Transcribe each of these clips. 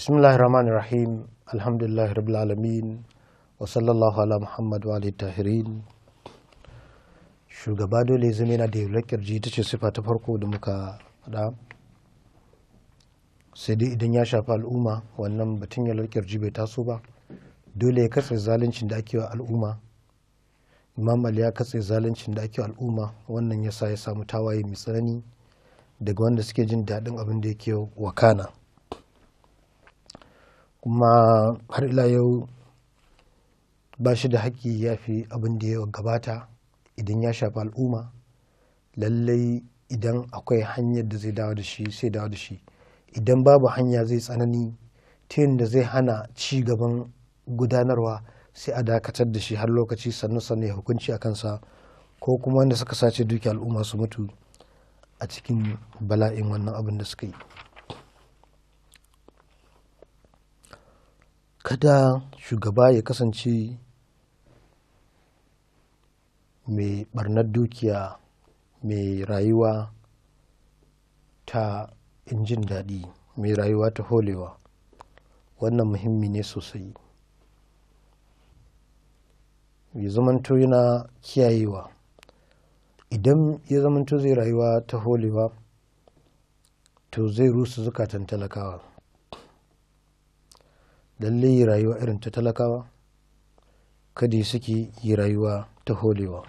bismillahi rahmani rahim alhamdulillahi rabbil alamin wa sallallahu ala muhammad wa alihi tahirin shugaba dole zama yana da yulakar ji ta ce sifa ta farko da muka faɗa sai dai idan ya shafi al'umma wannan batun yulakar ji bai taso ba dole ya katse zaluncin da ake wa al'umma imam ali ya katse zaluncin da ake wa al'umma wannan ya sa ya samu tawaye mai tsanani daga wanda suke jin daɗin abin da yake wakana kuma har ila yau ba shi da haƙƙi ya fi abin da ya gabata idan ya shafi al'umma lallai idan akwai hanyar da zai dawo da shi sai dawo da shi idan babu hanya zai tsanani ta da zai hana ci gaban gudanarwa sai a dakatar da shi har lokaci sannu sannu ya hukunci a kansa ko kuma wanda suka sace duki al'umma su mutu a cikin bala'in wannan abin da suka yi kada shugaba ya kasance mai barnar dukiya mai rayuwa ta injin daɗi mai rayuwa ta holewa wannan muhimmi ne sosai ya zamanto yana kiyayewa idan ya zamanto zai rayuwa ta holewa to zai rusu zukatan talakawa lalle yi rayuwa irin ta talakawa kada suke yi rayuwa ta holewa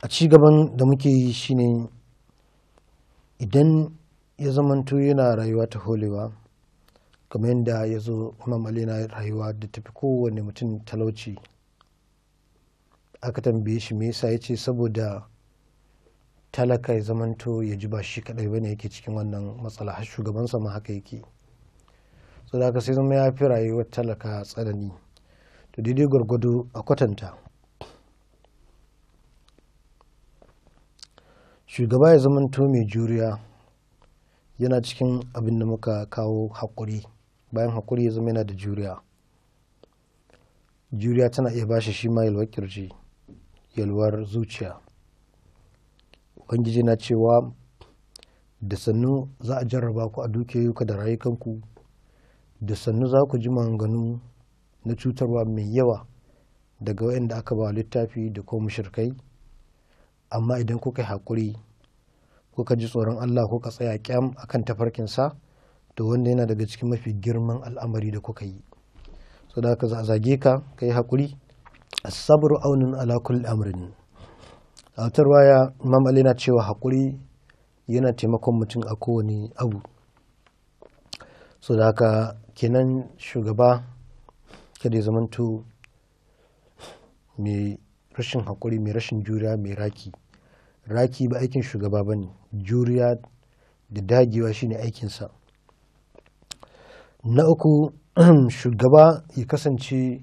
a ci gaban da muke yi shine idan ya zamanto yana rayuwa ta holewa kamar yadda ya zo mamali na rayuwa da tafi kowane mutum talauci aka tambaye shi me yasa ya ce saboda talaka ya zamanto ya ji ba shi kadai bane yake cikin wannan matsala har shugaban ma haka yake so da ka sai zama ya fi rayuwar talaka tsanani to daidai gwargwado a kwatanta shugaba ya zamanto mai juriya yana cikin abin da muka kawo haƙuri bayan haƙuri ya zama yana da juriya juriya tana iya bashi shi ma yalwar kirji yalwar zuciya ubangiji na cewa da sannu za a jarraba ku a dukiyoyinku da rayukanku da sannu za ku ji maganganu na cutarwa mai yawa daga waɗanda aka ba littafi da ko mushirkai amma idan kuka yi haƙuri kuka ji tsoron Allah kuka tsaya kyam akan tafarkinsa to wanda yana daga cikin mafi girman al'amari da kuka yi so da ka za zage ka ka yi haƙuri as-sabru aunun ala kulli amrin a wata ruwaya imam ali na cewa haƙuri yana taimakon mutum a kowane abu so da haka kenan shugaba kada ya zamanto mai rashin haƙuri mai rashin juriya mai raki raki ba aikin shugaba ba ne juriya da dagewa shine aikinsa na uku shugaba ya kasance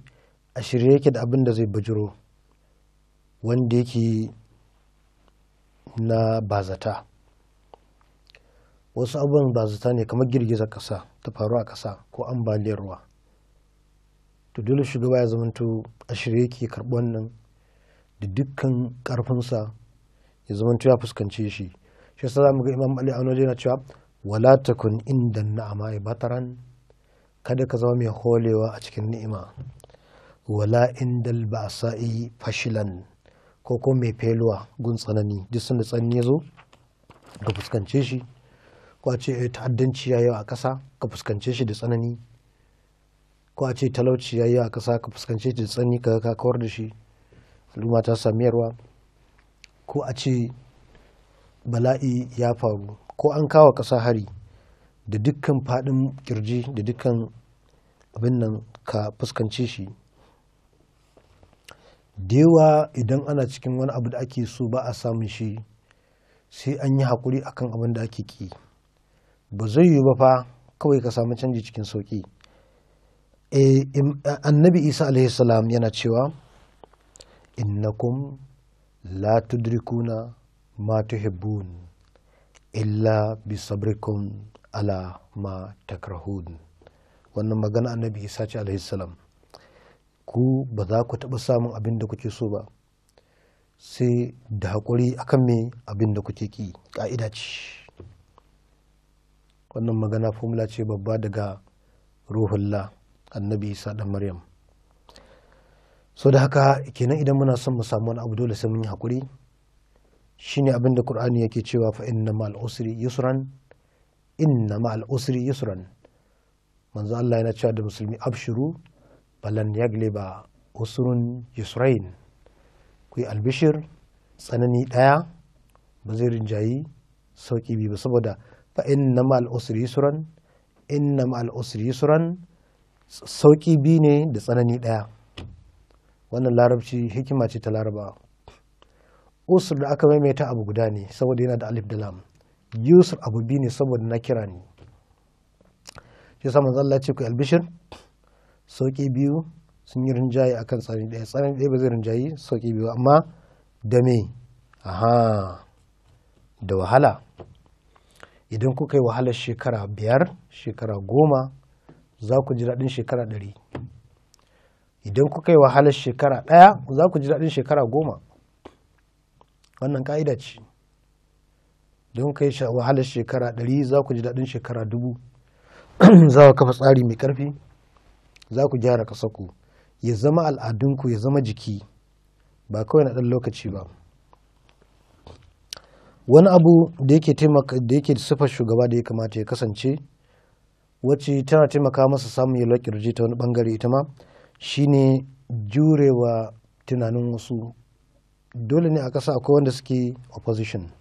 a shirye yake da abin da zai bajiro wanda yake na bazata wasu abubuwan bazata ne kamar girgizar ƙasa ta faru a ƙasa ko ambaliyar ruwa to dole shugaba ya zamanto a shirye yake karɓi nan da dukkan ƙarfinsa ya zamanto ya fuskance shi shi yasa mu ga imam ali a yana cewa wala takun inda na'ama bataran kada ka zama mai holewa a cikin ni'ima wala indal ba'sa'i fashilan ko kuma mai feluwa gun tsanani duk sun da tsanani ya zo ka fuskance shi ko a ce eh, ta'addanci ya yi a ƙasa ka fuskance shi da tsanani ko a ce talauci ya yi a ƙasa ka fuskance shi da tsanani ka ka kawar da shi al'umma ta sami yarwa ko a ce bala'i ya faru ko an kawo ƙasa hari da dukkan faɗin kirji da dukkan abin nan ka fuskance shi dewa idan ana cikin wani abu da ake so ba a samun shi sai an yi haƙuri kan abin da ake ƙi ba zai yi ba fa kawai ka samu canji cikin sauƙi eh, annabi isa alaihi yana cewa innakum la tudrikuna ma tuhibbun illa bi sabrikum ala ma takrahun wannan magana annabi isa ce alaihi ku ba za ku taɓa samun abin da kuke so ba sai da haƙuri akan me abin da kuke ki ƙa'ida ce wannan magana formula ce babba daga ruhullah annabi isa dan maryam so da haka kenan idan muna son mu samu wani abu dole sai mun yi haƙuri shine abin da qur'ani yake cewa fa inna ma'al usri yusran inna ma'al usri yusran manzo Allah yana cewa da musulmi abshiru balan ba usurun yusrain ku albishir tsanani ɗaya ba zai rinjayi sauƙi biyu ba saboda fa inna ma'al usri yusran inna ma'al usri yusran sauƙi biyu ne da tsanani ɗaya wannan larabci hikima ce ta laraba usur da aka maimaita abu guda ne saboda yana da alif da lam yusur abu biyu ne saboda na kira ne shi sa manzo Allah ce ku albishir sauƙi biyu sun yi rinjaye a kan tsani ɗaya tsani ɗaya ba zai rinjaye sauƙi biyu amma da me aha da wahala idan kuka yi wahalar shekara biyar shekara goma za ku ji daɗin shekara ɗari idan kuka yi wahalar shekara ɗaya za ku ji daɗin shekara goma wannan ƙa'ida ce don kai wahalar shekara ɗari za ku ji daɗin shekara dubu za ku kafa tsari mai ƙarfi za ku gyara ƙasarku ya zama al'adunku ya zama jiki ba kawai na ɗan lokaci ba wani abu da yake da sifar shugaba da ya kamata ya kasance wacce tana taimaka masa samun yalwar kirji ta wani bangare ita ma shine jurewa tunanin wasu dole ne a ƙasa akwai wanda suke opposition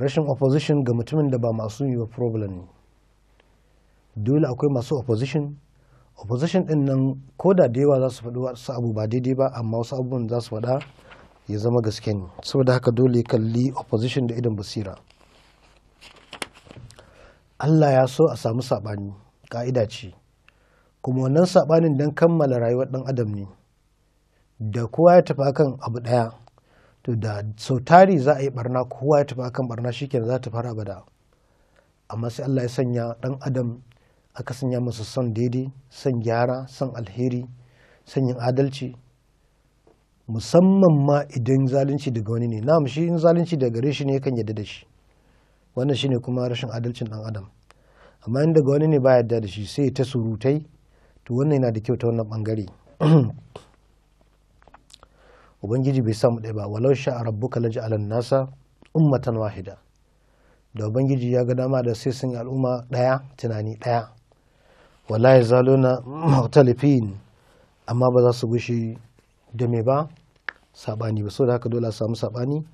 rashin opposition ga mutumin da ba masu yi wa problem ne dole akwai masu opposition opposition din nan ko da da yawa za su faɗi wasu abu ba daidai ba amma wasu abubuwan za su faɗa ya zama gaske ne saboda haka dole ya kalli opposition da idan basira Allah ya so a samu saɓani ƙa'ida ce kuma wannan saɓanin don kammala rayuwar ɗan adam ne da kowa ya tafi akan abu ɗaya to da sau tari za a yi barna kowa ya tafi akan barna shi za ta fara bada amma sai Allah ya sanya ɗan adam aka sanya masa son daidai son gyara son alheri son yin adalci musamman ma idan zalunci daga wani ne na shi in zalunci daga gare shi ne kan yadda da shi wannan shine kuma rashin adalcin dan adam amma in daga wani ne ba yadda da shi sai ta surutai to wannan yana da kyau ta wannan bangare ubangiji bai samu ɗaya ba walau sha rabbuka alan nasa ummatan wahida da ubangiji ya ga dama da sai sun al'umma ɗaya tunani ɗaya wallahi zaluna mutalifin amma ba za su gushi da me ba sabani ba saboda haka dole a samu sabani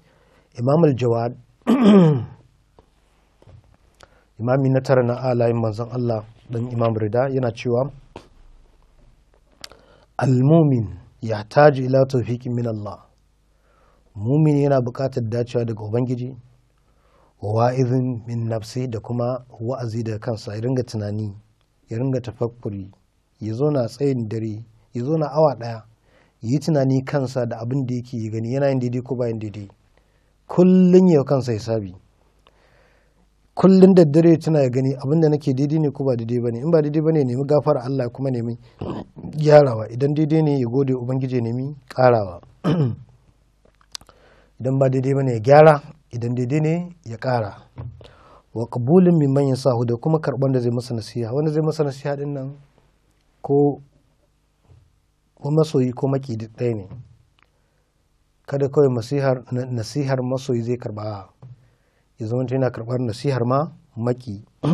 imam jawad imami na tara na alayin manzon Allah dan imam rida yana cewa almumin ya taji ila tawfiqin min Allah mumin yana buƙatar dacewa daga ubangiji wa'izin min nafsi da kuma wa'azi daga kansa ya ringa tunani ya ringa tafakkuri ya zo na tsayin dare ya zo na awa daya yi tunani kansa da abin da yake gani yana yin daidai ko bayan daidai kullum ya kansa ya sabi kullum da dare tana ya gani abin da nake daidai ne ko ba daidai ba ne in ba daidai ba ne nemi gafara Allah kuma nemi gyarawa idan daidai ne ya gode ubangiji nemi karawa idan ba daidai ba ne ya gyara idan daidai ne ya kara wa qabulin mimman yasahu da kuma karɓar da zai masa nasiha wanda zai masa nasiha din nan ko masoyi ko maki ɗaya ne kada kawai nasihar nasihar masoyi zai karɓa ya zama yana karɓar nasihar ma maki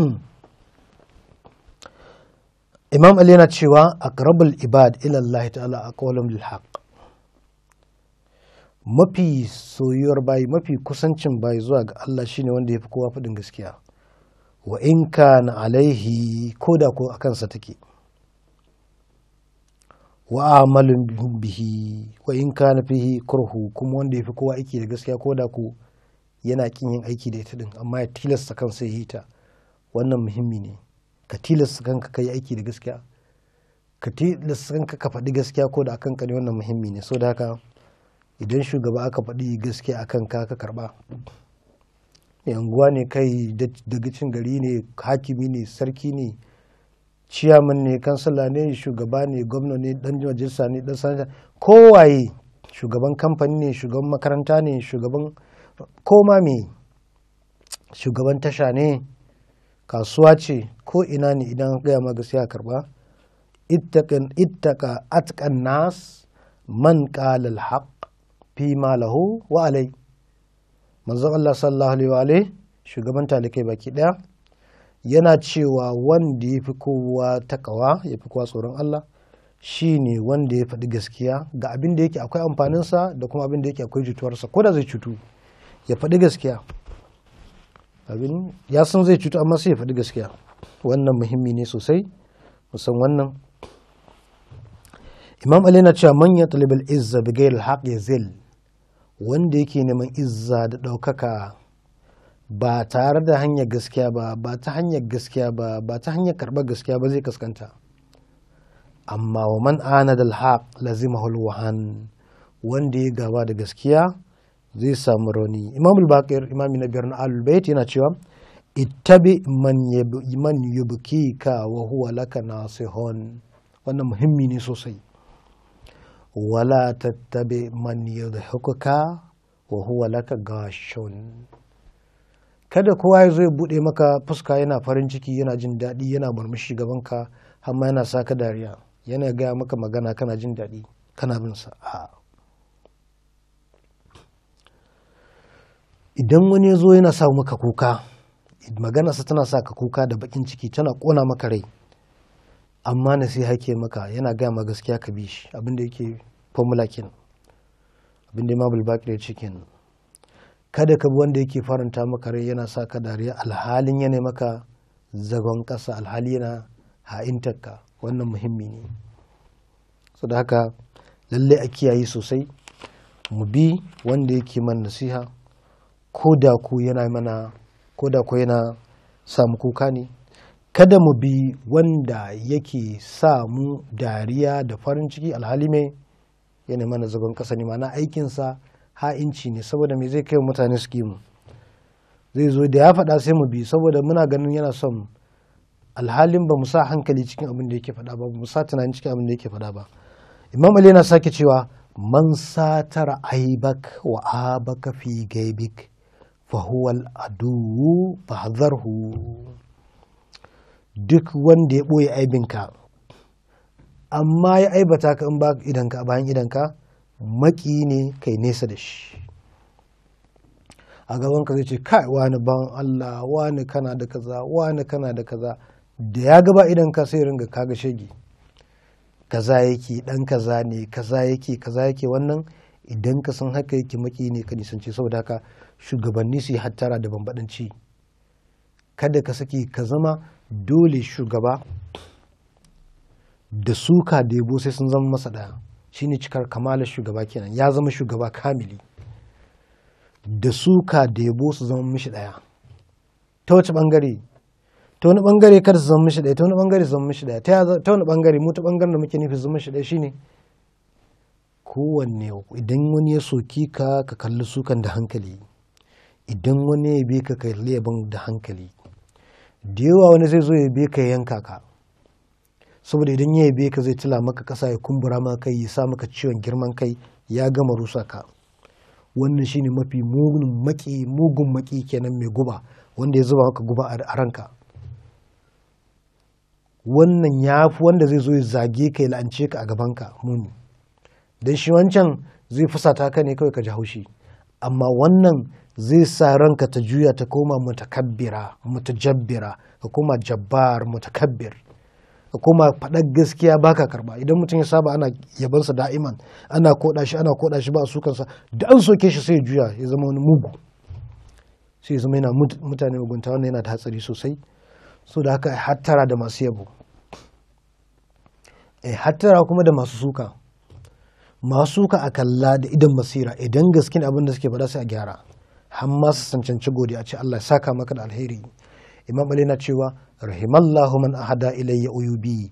imam ali yana cewa aqrabul ibad ila allah ta'ala aqwalum lil haqq mafi soyuwar bayi mafi kusancin bayi zuwa ga Allah shine wanda ya fi kowa faɗin gaskiya wa in na alaihi ko da ko a kansa take wa amalin bihi wa in na fihi kurhu kuma wanda ya fi kowa aiki da gaskiya ko da ko yana kin yin aiki da ita din amma ya tilasta kansa ya yi ta wannan muhimmi ne ka tilasta kanka ka yi aiki da gaskiya ka tilasta kanka ka faɗi gaskiya ko da akan ka ne wannan muhimmi ne so da haka idan shugaba aka faɗi gaskiya akan ka ka karɓa yanguwa ne kai daga cin gari ne hakimi ne sarki ne ciyaman ne kansala ne shugaba ne gwamna ne dan majalisa ne dan sanata kowaye shugaban kamfani ne shugaban makaranta ne shugaban koma me shugaban tasha ne kasuwa ce ko ina ne idan gaya ma gaskiya karba ittaka atkan nas man qala al fi ma lahu wa alai manzon Allah sallallahu alaihi wa alai shugaban talikai baki daya yana cewa wanda ya fi kowa takawa ya fi kowa tsoron Allah shine wanda ya faɗi gaskiya ga abin da yake akwai amfaninsa da kuma abin da yake akwai cutuwarsa ko da zai cutu ya faɗi gaskiya abin ya san zai cutu amma sai ya faɗi gaskiya wannan muhimmi ne sosai musan wannan imam ali na cewa manyan ya talibal izza bi ghairi haqq yazil wanda yake neman izza da ɗaukaka ba tare da hanyar gaskiya ba ba ta hanyar gaskiya ba ba ta hanyar karɓar gaskiya ba zai kaskanta amma wa man ana da alhaq lazimahul wahan wanda ya gaba da gaskiya zai samu rauni imam al-baqir imami na garin al-bayt yana cewa ittabi man man ka wa huwa laka nasihun wannan muhimmi ne sosai wala tattabi man yadhukuka wa huwa laka kada kowa ya zo ya bude maka fuska yana farin ciki yana jin daɗi yana murmushi gaban ka amma yana sa ka dariya yana gaya maka magana kana jin daɗi kana bin sa a idan wani ya zo yana sa maka kuka maganarsa tana sa ka kuka da bakin ciki tana kona maka rai amma nasiha ke maka yana gaya ma gaskiya ka bi shi abinda yake formula kenan abinda imam al-baqir ya cikin kada ka bi wanda yake faranta maka rai yana sa ka dariya alhalin yana maka zagon kasa alhali yana ha'intarka wannan muhimmi ne so da haka lallai a kiyaye sosai mu bi wanda yake man nasiha ko da ko yana mana ko da ko yana samu kuka ne kada mu bi wanda yake sa mu dariya da farin ciki alhali mai yana mana zagon ƙasa ne mana aikinsa ha'inci ne saboda me zai kai mutane suke mu zai zo da ya faɗa sai mu bi saboda muna ganin yana son alhalin ba mu sa hankali cikin abin da yake faɗa ba mu sa tunanin cikin abin da yake faɗa ba imam ali yana sake cewa man satar aibak wa abaka fi gaibik fa huwa al adu duk wanda ya ɓoye aibinka amma ya aibata ka in ba idanka bayan idanka maki ne kai nesa da shi a gaban ka zai ce kai wani ban Allah wani kana da kaza wani kana da kaza da ya gaba idan ka sai ringa kaga shege kaza yake dan kaza ne kaza yake kaza yake wannan idan ka san haka yake maki ne ka nisance saboda haka shugabanni su yi hattara da bambadanci kada ka saki ka zama dole shugaba da suka da yabo sai sun zama masa ɗaya shine cikar kamalar shugaba kenan ya zama shugaba kamili da suka da yabo su zama mishi ɗaya ta wace ɓangare ta wani ɓangare kar su zama mishi ɗaya ta wani ɓangare su zama mishi ɗaya ta wani ɓangare mu ta ɓangaren da muke nufi su zama shi ɗaya shine kowanne idan wani ya soki ka ka kalli sukan da hankali idan wani ya bi ka kalli yabon da hankali da yawa wani zai zo ya bi ka yanka ka saboda idan ya bi ka zai tila maka ƙasa ya kumbura maka kai ya sa maka ciwon girman kai ya gama rusa ka wannan shine mafi mugun maki mugun maki kenan mai guba wanda ya zuba maka guba a ranka wannan ya fi wanda zai zo ya zage ka ya la'ance ka a gabanka muni dan shi wancan zai fusata ka ne kawai ka ji haushi amma wannan zai sa ranka ta juya ta koma mutakabbira mutajabbira ka koma jabbar mutakabbir ka koma faɗar gaskiya baka karba idan mutum ya saba ana yabansa da'iman ana koda shi ana koda shi ba a sukansa da an soke shi sai ya juya ya zama wani mugu sai ya zama yana mutane mugunta wannan yana da hatsari sosai so da haka hattara da masu yabo hattara kuma da masu suka masu ka a kalla da idan masira idan gaskin abin da suke faɗa sai a gyara har ma su a a ce Allah ya saka maka da alheri imam ali na cewa rahimallahu man ahada ilayya uyubi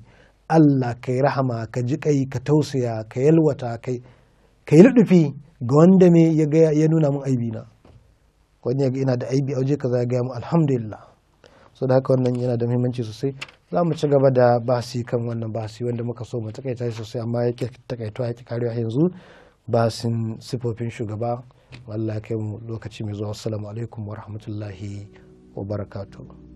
Allah kai rahama ka ji kai ka tausaya ka yalwata kai kai ludufi ga wanda me ya ga ya nuna mun aibi na wani ya ga ina da aibi a waje kaza ya ga mu alhamdulillah so haka wannan yana da muhimmanci sosai za mu ci gaba da basi kan wannan basi wanda muka so mu takaita sosai amma ya ke takaito ya ke karewa yanzu basin sifofin shugaba wallahi kai mu lokaci mai zuwa assalamu alaikum wa rahmatullahi wa barakatuh